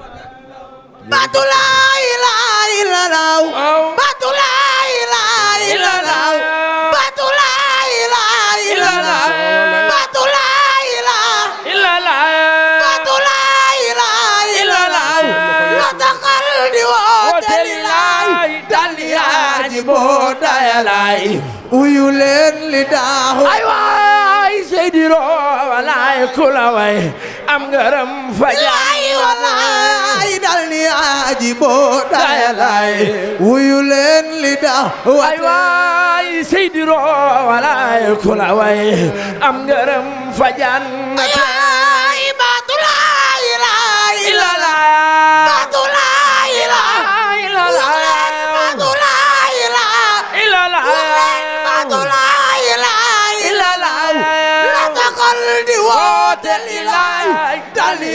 way baatu laa ilaaha illallaah baatu laa ilaaha illallaah baatu laa ilaaha illallaah baatu laa ilaaha illallaah baatu laa ilaaha illallaah la taxal di woote lillaay dal yaaji boo dayalaay uyu leen li daaxu ay waay seydi roo walaay ku la way am ngërëm fa jaay jiboo dayalaay wuyu leen li da waay waay seydi roo walaay ku la way am ngërëm fa jannat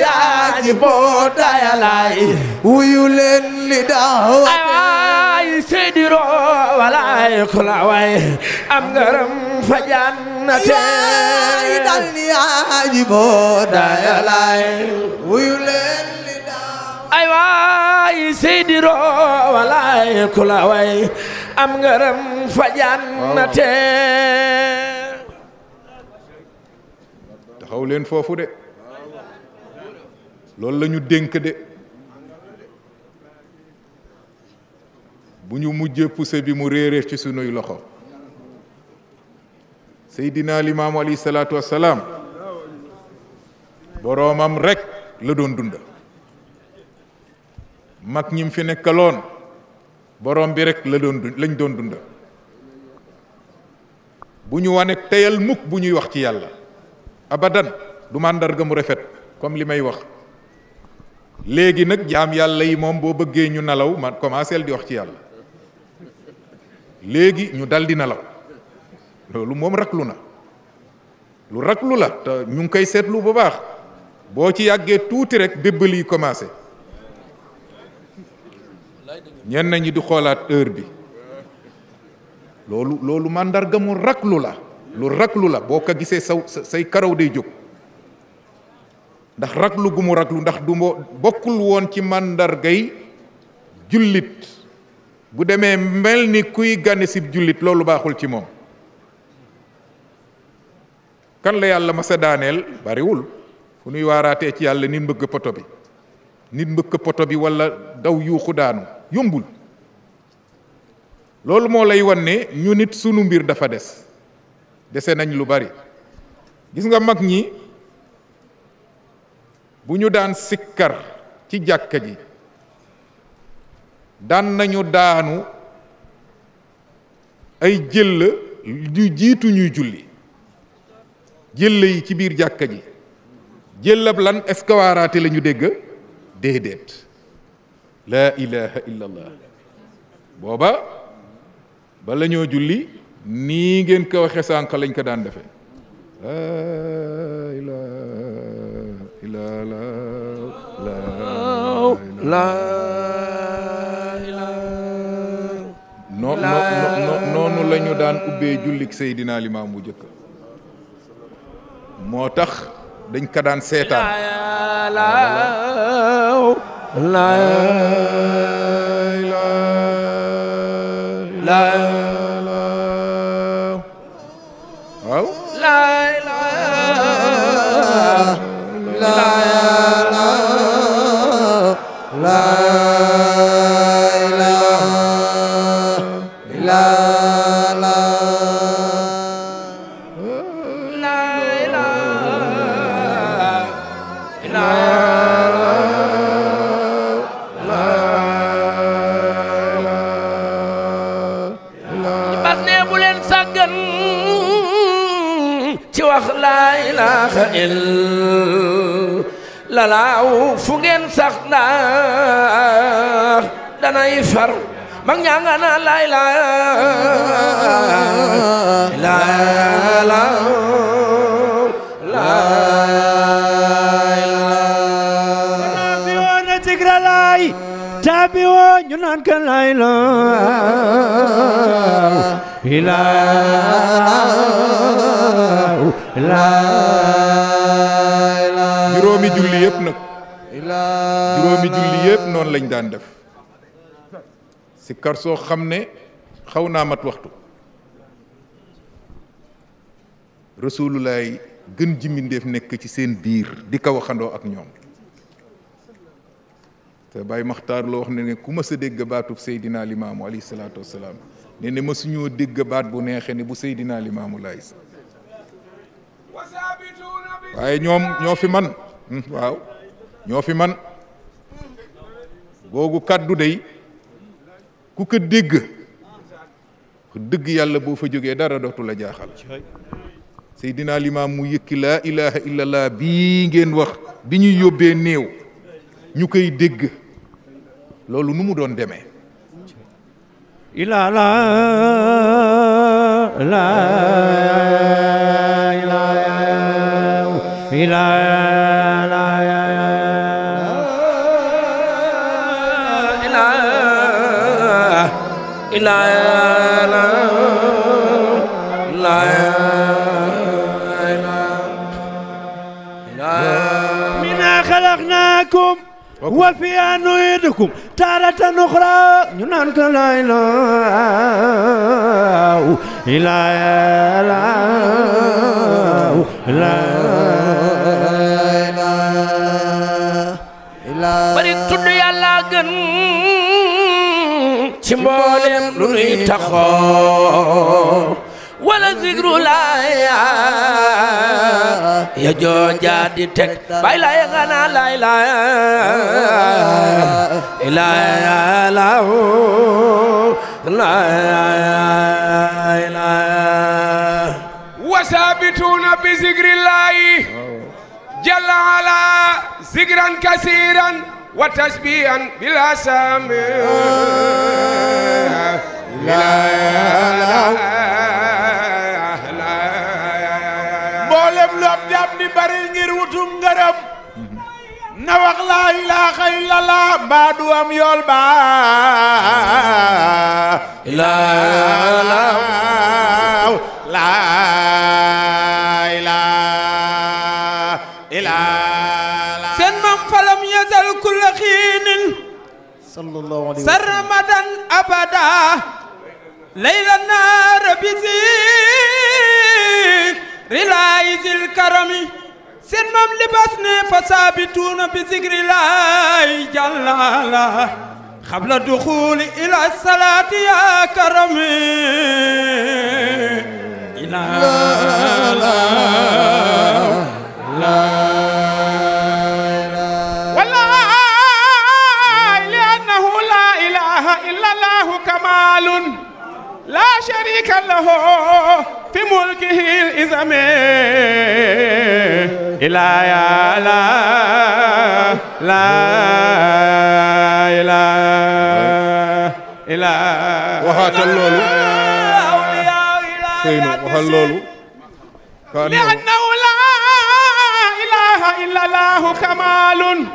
yaa ji boo dayalaay wuyu leen li daaw ay seydi roo walaay ku la waay am ngaram fa jannate yaa dal ni yaa ji boo dayalaay wuyu leen li daaw ay waay seydi roo walaay ku la waay am ngaram fa jannate taxaw leen foofu de loolu lañu dénk de bu ñu mujjee puse bi mu réeree ci sunuy loxo Seydina Limaamu alayhi salaatu wassalaam boroomam rek la doon dunda mag ñim fi nekkaloon boroom bi rek la doon lañ doon dunda bu ñu wane teyal mukk bu ñuy wax ci yàlla abadan du màndarga mu rafet comme li may wax léegi nag jaam yàlla yi moom boo bëggee ñu nelaw man commencé di wax ci yàlla léegi ñu dal di nelaw loolu moom raklu na lu raklu la te ñu ngi koy seetlu bu baax boo ci yàggee tuuti rek bébbal yi commencé ñenn ñi di xoolaat heure bi loolu loolu màndarga mu raklu la lu raklu la boo ko gisee saw say karaw day jóg ndax raglu gu mu raglu ndax du bokkul woon ci màndargay jullit bu demee mel ni kuy gane sib jullit loolu baaxul ci moom kan la yàlla masa daaneel bariwul fu nuy waaraatee ci yàlla nit mbëgg poto bi nit mbëkk poto bi wala daw yuuxu daanu yumbul loolu moo lay wan ne ñu nit sunu mbir dafa des dese nañ lu bari gis nga mag ñi bu ñu daan sikkar ci jàkka ji daan nañu daanu ay jëll ñu jiitu ñuy julli jëll yi ci biir jàkka ji jëllab lan est-ce que waaraate dégg déedéet laa ilaha illa booba bala ñoo julli nii ngeen ko waxe sànq lañ ko daan defe laa ilaha noonu la daan ubbee jullik Seydina Limaam bu jëkk moo tax dañ ko daan seetaan lalaaw fu sax ndax danay far mag ñaa nga naa laay laay taabi julli yépp nag juróomi julli yëpp noonu lañ daan def si kar soo xam ne xaw naa mat waxtu rasulullaay gën ji nekk ci seen biir di ko waxandoo ak ñoom te Baye Makhtar loo wax ne ne ku ma a dégg baatub Seydina Limaamu alayhi salaatu wa salaam ne ne mësuñoo dégg baat bu neexe ne bu Seydina Limaamu laay waaye ñoom ñoo fi man waaw ñoo fi man googu kàddu day ku ko dégg dëgg yàlla boo fa jógee dara dootu la jaaxal Seydina mu yëkki laa ilaha illallah bii ngeen wax bi ñuy yóbbee néew ñu koy dégg loolu nu mu doon demee ilala إلا لا منا خلقناكم وفيها نعيدكم تارة أخرى ننانك لا إله إلا الله لا إله إلا الله ci mboolem lu nuy taxoo wala zikru laaya ya jooja di teg bay laaya nga naa laay laaya ilaaya laahu laaya ilaaya wasaabituuna bi zikri laayi jalla ala zikran kasiiran وتسبيحا بلا سامع لا لا مولم لوب دام دي بري غير وتوم غرم نواخ لا اله الا الله با دو ام يول با لا لا لا sarmadan abada layla naara bisik rilaayizil karami seen maam libaas ne fa saabituuna bi zikri laay jàllala xabla duxuuli ila salaati yaa karami ila la la شريك له في ملكه الإزم إلا يا لا لا إلا إلا وهات اللولو لأنه لا إله إلا الله كمال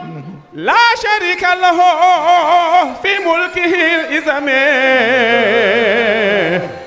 لا شريك له في ملكه الإزم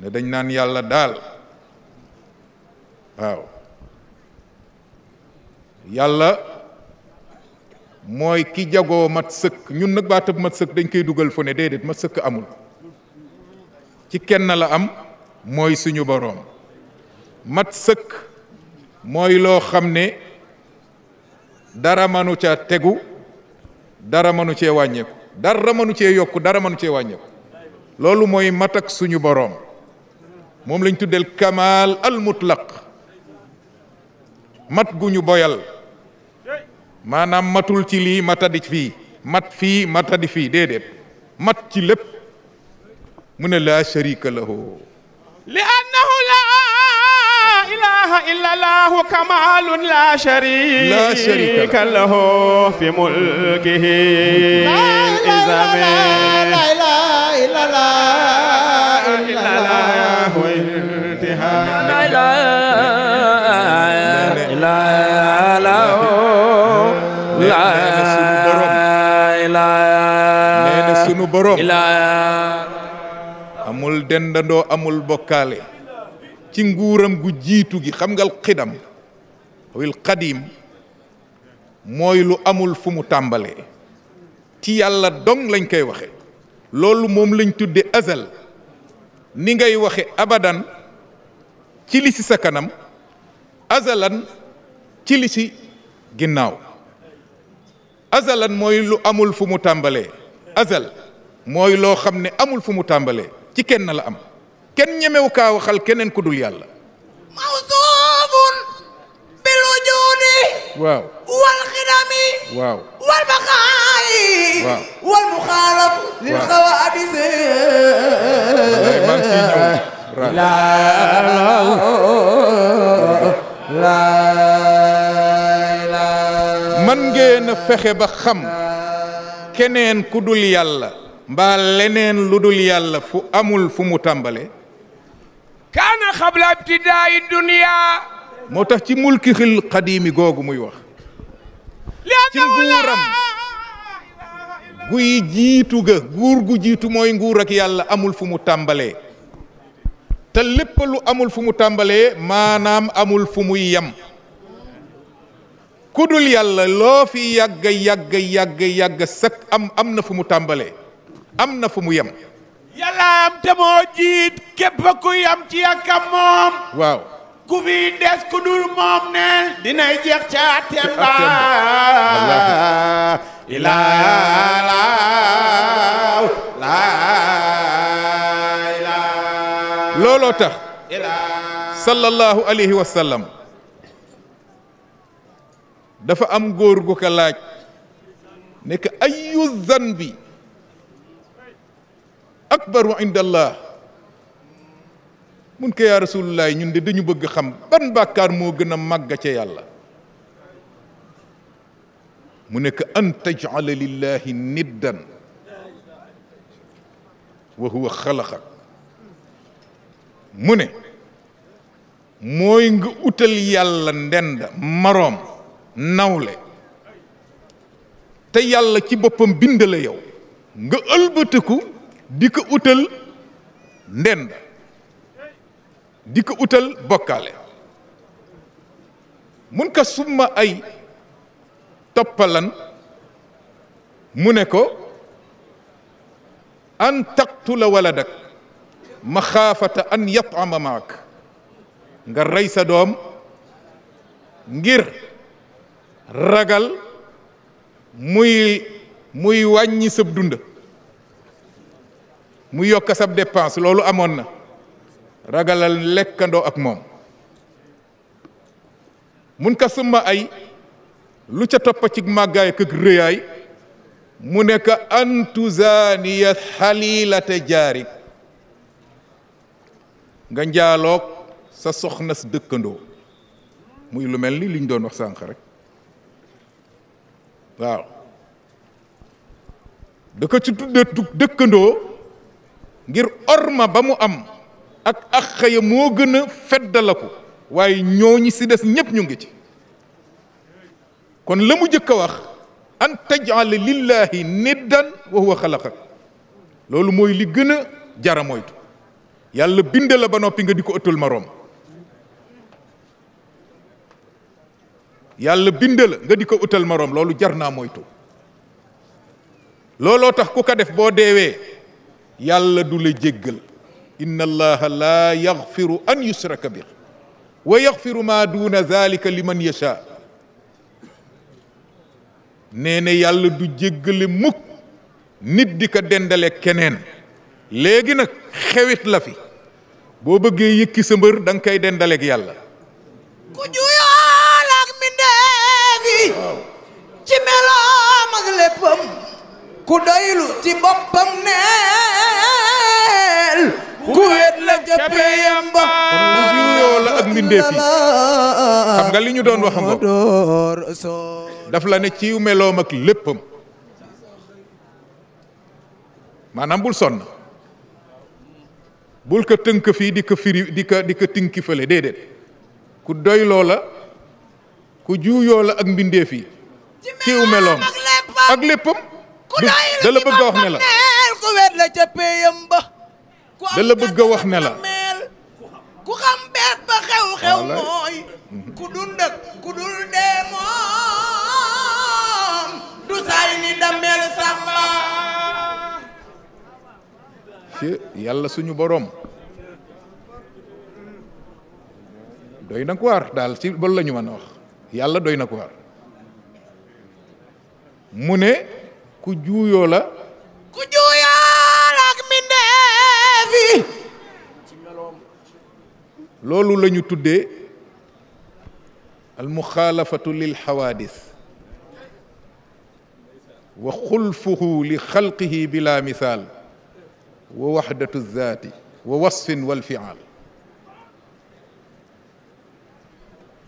ne dañ naan yàlla daal waaw yàlla mooy ki jagoo mat sëkk ñun nag baatab mat sëkk dañ koy dugal fu ne déedéet mat sëkk amul ci kenn la am mooy suñu boroom mat sëkk mooy loo xam ne dara manu ca tegu dara manu cee wàññeeku dara manu cee yokk dara manu cee wàññeeku loolu mooy mat suñu boroom moom lañ tuddeel kamal al mutlaq mat gu ñu boyal maanaam matul ci lii matadi fii mat fii matadi fii déedéet mat ci lépp mu ne laa sharika lahu li annahu laa ilaha illa la sharika lahu fi mulkihi izami sunu borom amul dendandoo amul bokkaale ci nguuram gu jiitu gi xam nga xidam wil xadiim mooy lu amul fu mu tàmbalee ci yàlla dong lañ koy waxe loolu moom lañ tudde azal ni ngay waxe abadan ci li sa kanam azalan ci ginnaaw azalan mooy lu amul fu mu tàmbale azal mooy loo xam ne amul fu mu tàmbalee ci kenn la am kenn ñemewu kaa waxal keneen ku dul yàlla mawsuufun bil wujuudi waaw wal xidami waaw wal baqaayi waaw wal muxaalaf lil xawaadis man ngeen a fexe ba xam keneen ku dul yàlla mbaa leneen lu dul yàlla fu amul fu mu tàmbale kaana xabla ibtidaayi dunya moo tax ci mulki xil xadiimi googu muy wax ci nguuram guy jiitu ga nguur gu jiitu mooy nguur ak yàlla amul fu mu tàmbale te lépp amul fu mu tàmbalee maanaam amul fu muy yam ku dul yàlla loo fi yàgga yàgg yàgga yàgg sak am am na fu mu tàmbale am na fu mu yem. yàlla am ku yem ci yàkkam moom. waaw ku fi des ku dul moom ne. dinay jeex ca àtteem ba. laa looloo tax. sallallahu dafa am góor gu ko laaj. ne que ayu zan bi. akbaru inda allah mun ko yaa rasulullaay ñun de dañu bëgg xam ban bàkkaar moo gën a màgg ca yàlla mu nekk an tajala lillahi niddan wa huwa xalaqak mu ne mooy nga utal yàlla ndend maroom nawle te yàlla ci boppam bind la yow nga ëlbatiku di ko utal ndend di ko utal bokkaale mun ko summa ay toppalan mu ne ko an taqtula waladak maxaafata an yatama maak nga rey sa doom ngir ragal muy muy wàññi sëb dund mu yokk sab dépense loolu amoon na ragalal lekkandoo ak moom mun ka summa ay lu ca toppa ci màggaay ak rëyaay mu nekk antuzaaniya xalilata jaarik nga njaaloog sa soxna si dëkkandoo muy lu mel ni liñ doon wax sànq rek waaw da ko ci tudde dëkkandoo ngir orma ba mu am ak àq ya moo gën a feddalaku waaye ñooñu si des ñépp ñu ngi ci kon la mu jëkk a wax an tajala lillahi niddan wa huwa xalaqak loolu mooy li gën a jara moytu yàlla bind la ba noppi nga di ko ëttal moroom yàlla bind la nga di ko utal moroom loolu jar naa moytu looloo tax ku ko def boo deewee yàlla du la jéggal inna allaha laa yaxfiru an yusraka bi wa yaxfiru maa duuna zalika liman yasha nee yàlla du jéggale muk nit di ko dendale keneen léegi nag xewit la fi boo bëggee yëkki sa mbër da nga koy dendaleeg yàlla ku juyool ak mbindeef yi ci meloom ak léppam ku doylu ci boppam neel ku wéet la ca peyam ba la ak mbindeef yi xam ñu doon wax nga daf la ne ci meloom ak léppam maanaam bul sonn bul ko tënk fii di ko firi di ko di ko ku doyloo la ku juuyoo la ak mbindeef yi ciw ak léppam da la bëgg a wax ne ku wet la ca péyam ba da la bëgg wax ne ku xam beet xew-xew mooy mhm. ku dund ak ku dul dee moom du say ni damel sàmba yàlla suñu boroom doy na ko waar daal ci loolu la ñu mën wax yàlla doy na ko waar mu ne ku juuyoo la ku juuyoo la ak mbindeef yi loolu la ñu tuddee almuxaalafatu lil xawaadis wa xulfuhu li xalqihi bila misaal wa waxdatu zaati wa wasfin walfiaal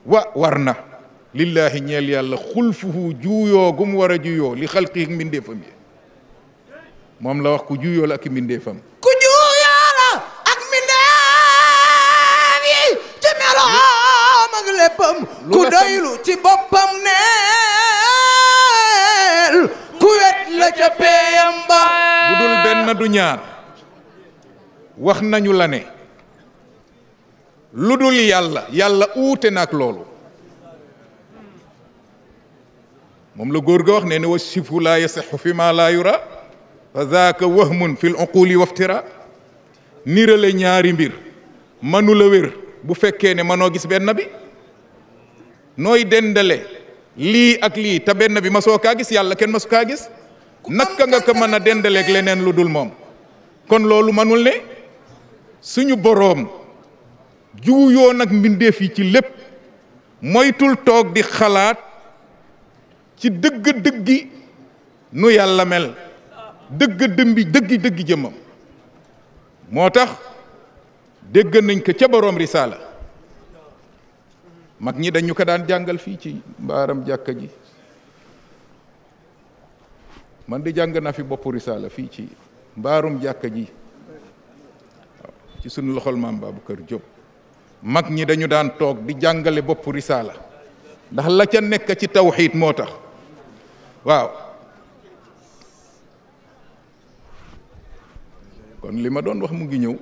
wa war na lillaahi ñeel yàlla xulfuhu juuyoo gum war a juuyoo li xalqi mbindeefam moom la wax ku juuyoo la ak mbindeefam ku juuyoo la ak mbindeef yi ci meloom ku doylu ci boppam neel ku wet la ca ba bu dul benn du ñaar wax nañu la ne lu dul yàlla yàlla uute na ak loolu moom la góor ga wax nee ne wa sifu laa yasixu fi ma laa yura fa zaaka wahmun fi l uquli waftira nirale ñaari mbir manula wér bu fekkee ne manoo gis benn bi nooy dendale lii ak lii te benn bi masoo kaa gis yàlla kenn masu kaa gis naka nga ko mën a dendaleeg leneen lu dul moom kon loolu manul ne suñu boroom juuyoo nag mbindeef yi ci lépp moytul toog di xalaat ci dëgg-dëggi nu yàlla mel dëgg dëmbi dëggi dëggi jëmmam moo tax dégg nañ ko ca boroom risaala mag ñi dañu ko daan jàngal fii ci mbaaram jàkka ji man di jàng naa fi boppu risaala fii ci mbaarum jàkk ji ci sunu loxol maam kër Diop mag ñi dañu daan toog di jàngale boppu risaala ndax la ca nekk ci tawxiit moo tax waaw kon li ma doon wax mu ngi ñëw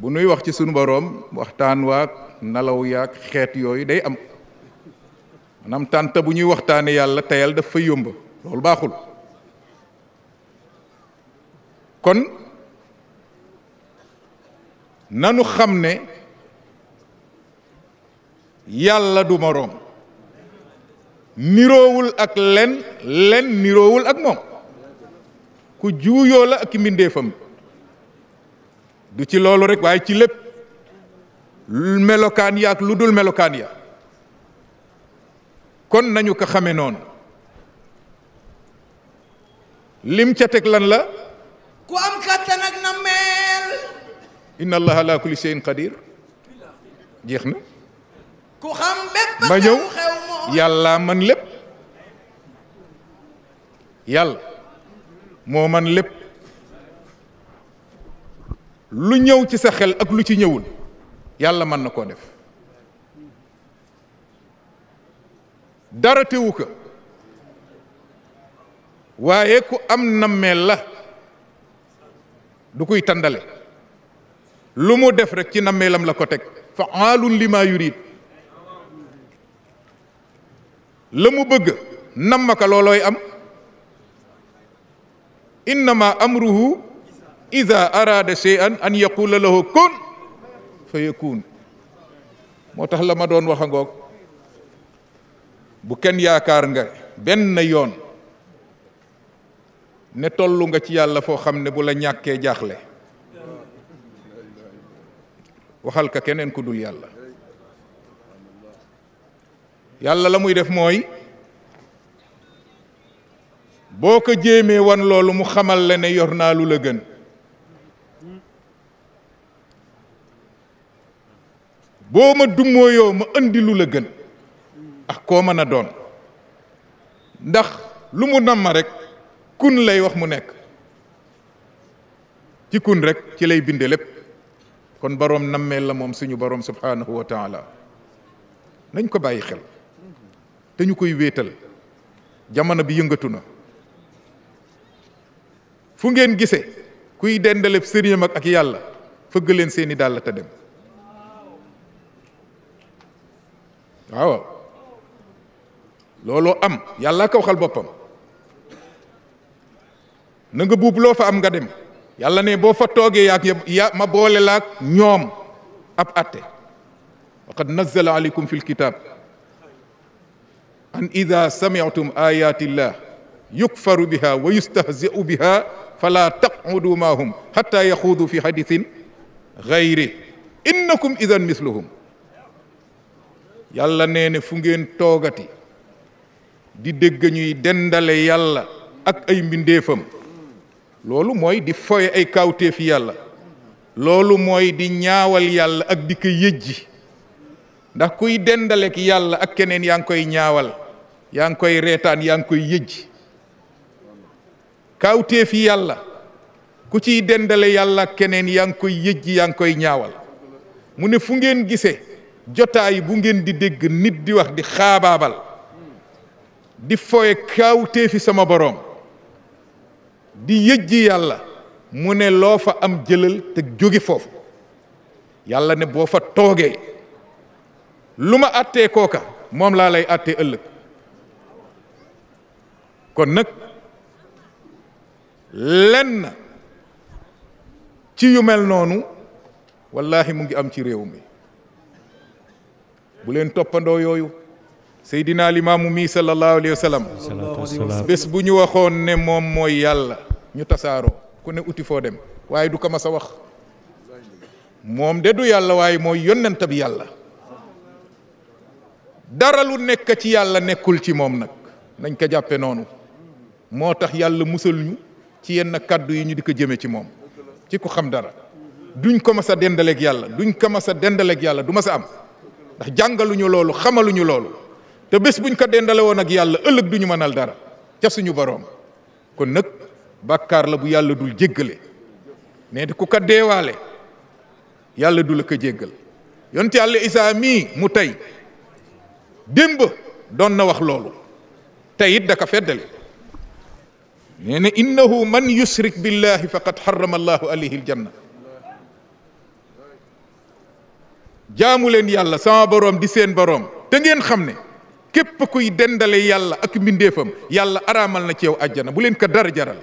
bu nuy wax ci sunu boroom waxtaan waak nalaw yaak xeet yooyu day am maanaam tànta bu ñuy waxtaane yàlla teyal daf fa yomb loolu baaxul kon nanu xam ne yàlla du moroom niroowul ak len len niroowul ak moom ku juuyoo la ak fam du ci loolu rek waaye ci lépp melokaan ya ak lu dul melokaan ya kon nañu ko xame noon lim ca teg lan la ku am kàttan ak na meel inna allaha ala kulli shay'in qadir jeex na ku xam bépp ma ñëw yàlla man lépp yàlla moo man lépp lu ñëw ci sa xel ak lu ci ñëwul yàlla mën na koo def dara tewu ko waaye ku am nammeel la du kuy tàndale lu mu def rek ci nammeelam la ko teg fa aalun li maa yurid la mu bëgg namm ka loolooy am innama amruhu isa arada shay'an an yaqula lahu kun fa yakun moo tax la ma doon waxa a ngoog bu kenn yaakaar nga benn yoon ne tollu nga ci yàlla foo xam ne bu la ñàkkee jaaxle waxal ka keneen ku dul yàlla yàlla la muy def mooy boo ko jéemee wan loolu mu xamal la ne yor naa lu la gën boo ma dummóoyoo ma andi lu la gën ak koo mën a ndax lu mu nam rek kun lay wax mu nek ci kun rek ci lay binde lépp kon borom namel la mom suñu borom subhanahu wa taala nañ ko bàyyi xel te koy wéetal jamono bi yëngatu na fu ngeen gisee kuy dendaleb sëriñam ak ak yàlla fëgg leen seeni dàll te dem waaw looloo am yàlla ko waxal boppam na nga buub loo fa am nga dem yàlla ne boo fa toogee yaak ma boole laak ñoom ab atte waqad nazzala aleykum fil kitab أن إذا سمعتم آيات الله يكفر بها ويستهزئ بها فلا تقعدوا معهم حتى يخوضوا في حديث غيره إنكم إذا مثلهم يلا نين فنجين توغتي دي دغنيي دندال يالا اك اي منديفم لولو موي دي فوي اي كاوتي في يالا لولو موي دي نياوال يالا اك ديك يجي ndax kuy dendaleek yàlla ak keneen yaa ngi koy ñaawal yaa ngi koy reetaan yaa ngi koy yëj kawteef yi yàlla ku ciy dendale yàlla keneen yaa ngi koy yëj yaa ngi koy ñaawal mu ne fu ngeen gise jotaay bu ngeen di dégg nit di wax di xaabaabal di foye kawteefi sama boroom di yëj yàlla mu ne loo fa am jëlal te jóge foofu yàlla ne boo fa toogee lu ma àttee kooka moom laa lay àttee ëllëg kon nag lenn ci yu mel noonu wallahi mu ngi am ci réew mi bu leen toppandoo yooyu seydina limaamu mi sallallahu alayhi wa bés bu ñu waxoon ne moom mooy yàlla ñu tasaaroo ku ne uti foo dem waaye du ko mas a wax moom de du yàlla waaye mooy yonentab yàlla dara lu nekk ci yàlla nekkul ci moom nag nañ ko jàppe noonu moo tax yàlla musal ñu ci yenn kàddu yi ñu di ko jëme ci moom ci ku xam dara duñ ko mas a dendaleeg yàlla duñ ko mas a dendaleeg yàlla du mas am ndax jàngaluñu loolu xamaluñu loolu te bés buñ ko dendale woon ak yàlla ëllëg ñu mënal dara ca suñu boroom kon nag bàkkaar la bu yàlla dul jéggale mais di ku ko deewaale yàlla du la ko jéggal yonte yàlla isaa mu tey démb doon na wax loolu te it da ka feddali nee na innahu man yusrik billahi faqad xarama allahu alayhi aljanna jaamu leen yàlla sama boroom di seen boroom te ngeen xam ne képp kuy dendale yàlla ak mbindeefam yàlla araamal na ci yow àjjana bu leen ko dara jaral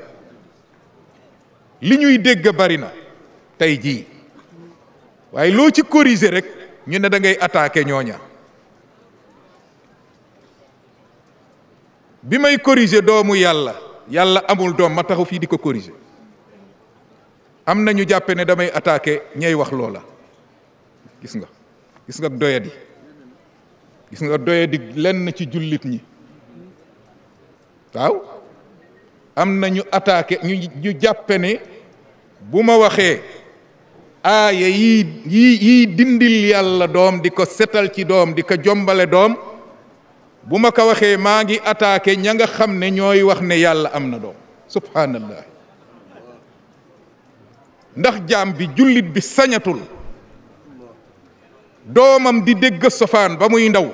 li ñuy dégg bari na tey jii waaye loo ci corriger rek ñu ne da ngay attaquer ñooña bi may corriger doomu yàlla yàlla amul doom ma taxu fii di ko corriger am na ñu jàppe ne damay attaquer ñay wax loola gis nga gis nga doyadi gis nga doyadi lenn ci jullit ñi waaw am na ñu attaqué ñu ñu jàppe ne bu ma waxee aaya yii yii yii dindil yàlla doom di ko setal ci doom di ko jombale doom bu ma ko waxee maa ngi attaqué ña nga xam ne ñooy wax ne yàlla am na doom subhanallah ndax jaam bi jullit bi sañatul doomam di dégg sofaan ba muy ndaw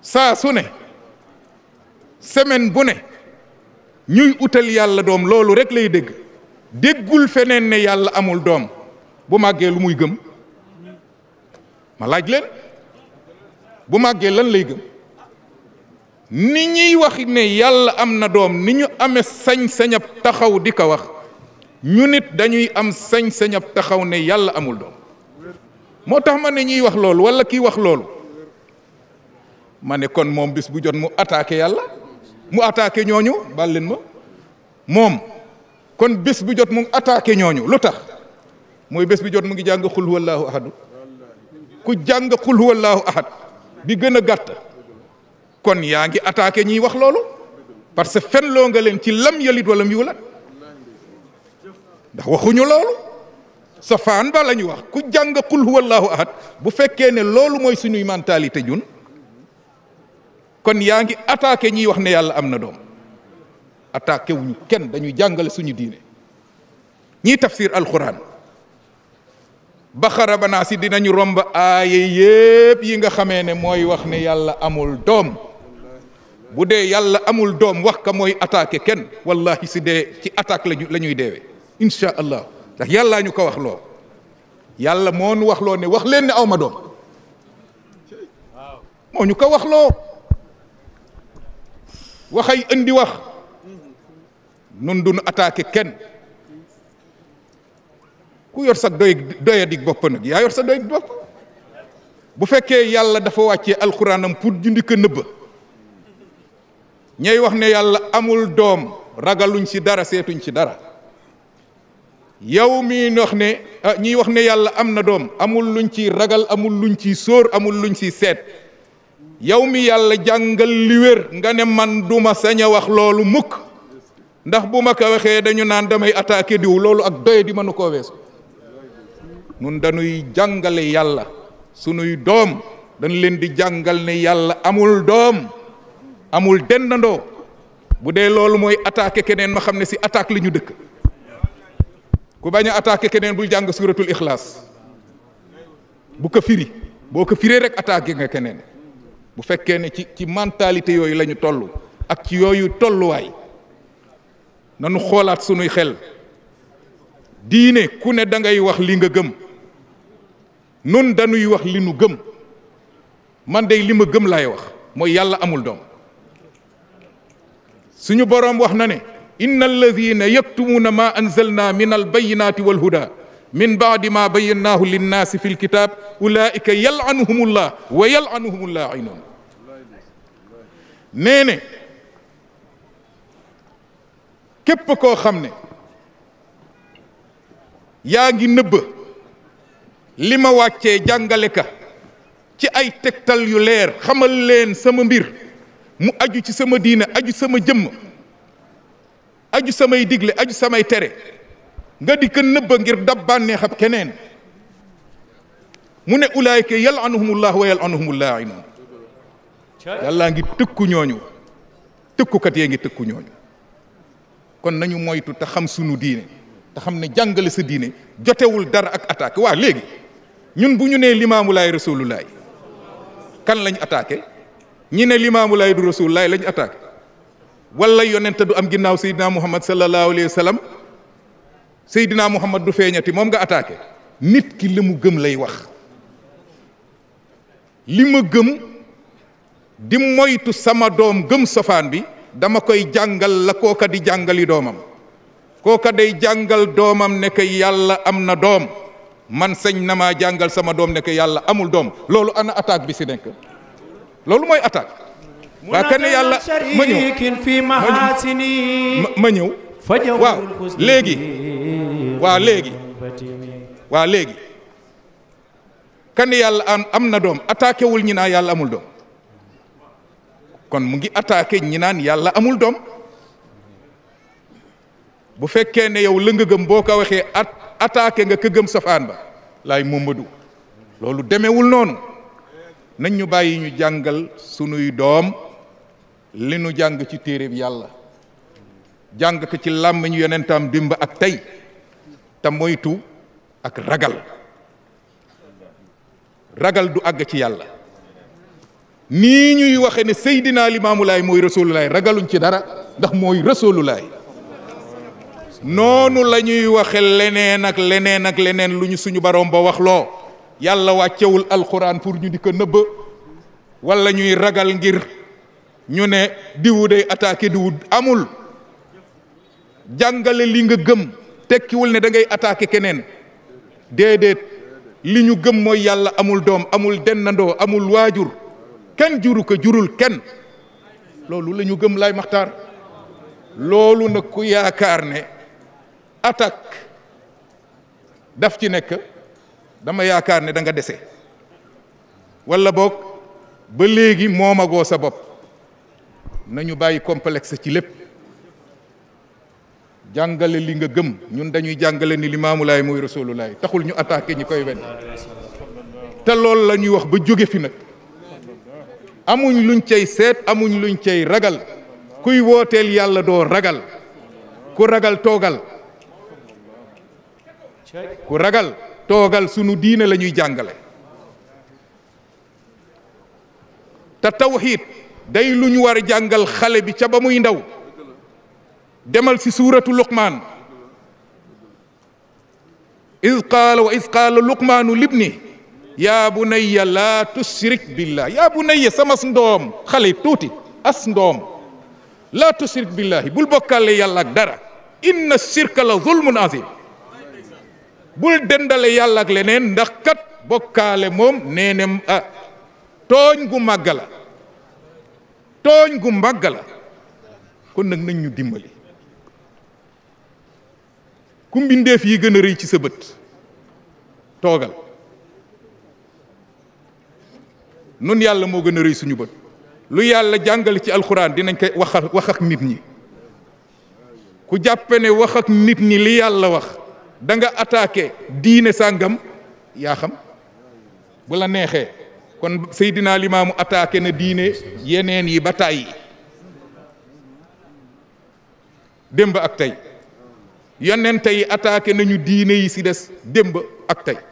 saasu ne semaine bu ne ñuy utal yàlla doom loolu rek lay dégg déggul feneen ne yàlla amul doom bu màggee lu muy gëm ma laaj leen bu màggee lan lay gëm ni ñuy wax ne yàlla am na doom ni ñu amee sañ-sañab taxaw di ko wax ñu nit dañuy am sañ-sañab taxaw ne yàlla amul doom moo tax ma ne ñuy wax loolu wala kiy wax loolu ma ne kon moom bis bu jot mu attaqué yàlla mu attaqué ñooñu bal leen ma moom kon bés bu jot mu attaqué ñooñu lu tax mooy bés bu jot mu ngi jàng xul huwallaahu ahadu ku jàng xul huwallaahu bi gëna gatt atake kon yaangi attaquer ñi wax lolu parce dua fen lo nga leen ci lam yelit wala mi wala ndax ñu lolu safaan ba la wax ku jang qul huwallahu ahad bu fekke ne lolu moy suñu mentalité jun kon yaangi attaquer ñi wax ne yalla amna doom wuñu kenn dañuy suñu diine ñi tafsir alquran ba xarabanaa si dinañu romb aaye yépp yi nga xamee ne mooy wax ne yàlla amul doom bu dee yàlla amul doom wax ka mooy attaque kenn wallahi si dee ci attaque lañu la ñuy deewee insha allah ndax yàllaa ñu ko wax loo yàlla moo nu wax loo ne wax leen ne awma doom moo ñu ko wax loo waxay indi wax nun duñu attaqué kenn ku yor sa doy dig bop nak ya yor sa doy bop bu fekke yalla dafa wacce alquranam pour jundi ke neub ñay wax ne yalla amul dom ragaluñ ci dara setuñ ci dara yow mi wax ne ah, ñi wax ne yalla am dom amul luñ ci ragal amul luñ ci sor amul luñ ci set yow mi yàlla jàngal li wer nga ne man duma saña wax lolu muk ndax buma ko waxe dañu nan damay attaquer diw lolu ak doye di mënu nun dañuy jàngale yalla sunuy dom dañ leen di jangal ne yalla amul dom amul dendando budé lolou moy attaquer kenen keneen ma xamné ci attaque liñu dëkk ku baña attaquer kenen keneen bul suratul ikhlas, bu ko firi ko rek attaquer nga keneen bu fekkee ne ci ci mentalité yooyu lañu tollu ak ci tollu way nanu xolaat sunuy xel diine ku ne da ngay wax li nga gëm nun dañuy wax li nu gëm man day li ma gëm lay wax moy yàlla amul dom suñu borom wax na ne innal ladhina yaktumuna ma anzalna min wal walhuda min ba'di ma lin nas fi lkitab ulaika yalanuhum allah wa yalanuhum la'inun nee ne képp koo xam ne ngi li ma wàccee jàngale ka ci ay tegtal yu leer xamal leen sama mbir mu aju ci sama diine aju sama jëmm aju samay digle aju samay tere nga di ko nëbba ngir dab bànneex ab keneen mu ne ulaayika yalanuhumullah wa yalanuhumul laa'inuun yàllaa ngi tëkku ñooñu tëkkukat yee ngi tëkku ñooñu kon nañu moytu te xam sunu diine te xam ne jàngale sa diine jotewul dara ak attaque waa léegi ñun bu ñu nee limaamu laay rasulullaay kan lañ attaqué ñi ne limaamu laay du rasulullaay lañ attaqué walla yonent du am ginnaaw Seydina Muhammad sallallahu alayhi wa sallam Seydina Muhammad du feeñati moom nga attaqué nit ki li mu gëm lay wax li ma gëm di moytu sama doom gëm sofaan bi dama koy jàngal la kooka di jàngali doomam kooka day jàngal doomam ne ko yàlla am na doom man sañ na maa jàngal sama doom ne yàlla amul doom loolu ana attaque bi si nekk loolu mooy attaque. waa kenn yàlla ma ñëw ma ñëw léegi waa léegi waaw léegi kan yàlla am am na doom attaqué wul ñi naan yàlla amul doom kon mu ngi attaqué ñi naan yàlla amul doom bu fekkee ne yow lëngëgëm boo ko waxee at. attaqué nga ka gëm safaan ba laay Momadou loolu demewul noonu nañ ñu bàyyi ñu jàngal sunuy doom li nu jàng ci téereb yàlla jàng ko ci làmmiñu yonentaam dimb ak tey te moytu ak ragal ragal du àgg ci yàlla nii ñuy waxe ne Seydina Limaamu Laay mooy Rasuulu Laay ragaluñ ci dara ndax mooy Rasuulu Laay noonu lañuy waxe leneen ak leneen ak leneen lu ñu suñu baroom ba wax loo yàlla wàccewul alxuraan pour ñu di ko nëbb wala ñuy ragal ngir ñu ne diwu day attaqué amul jàngale li nga gëm tekkiwul ne dangay ngay attaqué keneen déedéet li ñu gëm mooy yàlla amul doom amul dennandoo amul waajur kenn juru jurul kenn loolu la ñu gëm lay maxtaar loolu na ku yaakaar ne attaque daf ci nekk dama yaakaar ne danga dese wala boog ba léegi moomagoo sa bopp nañu bàyyi complexe ci lépp jàngale li nga gëm ñun dañuy jàngale ni limaamulaay mooy rasulullaay taxul ñu attaqué ñi koy wen te loolu la wax ba jóge fi nag amuñ luñ cay seet amuñ luñ cay ragal kuy wooteel yàlla doo ragal ku ragal toogal ku ragal toogal sunu diine la ñuy jàngale te tawxiid day lu ñu war a jàngal xale bi ca ba muy ndaw demal ci suuratu luqmaan id qaala wa id qaala luqmaanu libni yaa bunayya laa tushrik billah yaa bunayya sama ndoom xale tuuti as ndoom laa tushrik billahi bul bokkaale yàlla ak dara inna shirka la zulmun azim bul dendale yàlla leneen ndax kat bokkaale moom nee ne tooñ gu màgg tooñ gu màgg kon nag nañ ñu dimbali ku mbindeef yi gën a rëy ci sa bët toogal nun yàlla moo gën a rëy suñu bët lu yàlla jàngale ci alxuraan dinañ koy wax wax ak nit ñi ku jàppe ne wax ak nit ñi li yàlla wax da nga attaqué diine sàngam yaa xam bu la neexee kon Seydina Limaamu attaqué na diine yeneen yi ba tàyyi démb ak tey yonent yi nañu diine yi si des démb ak tey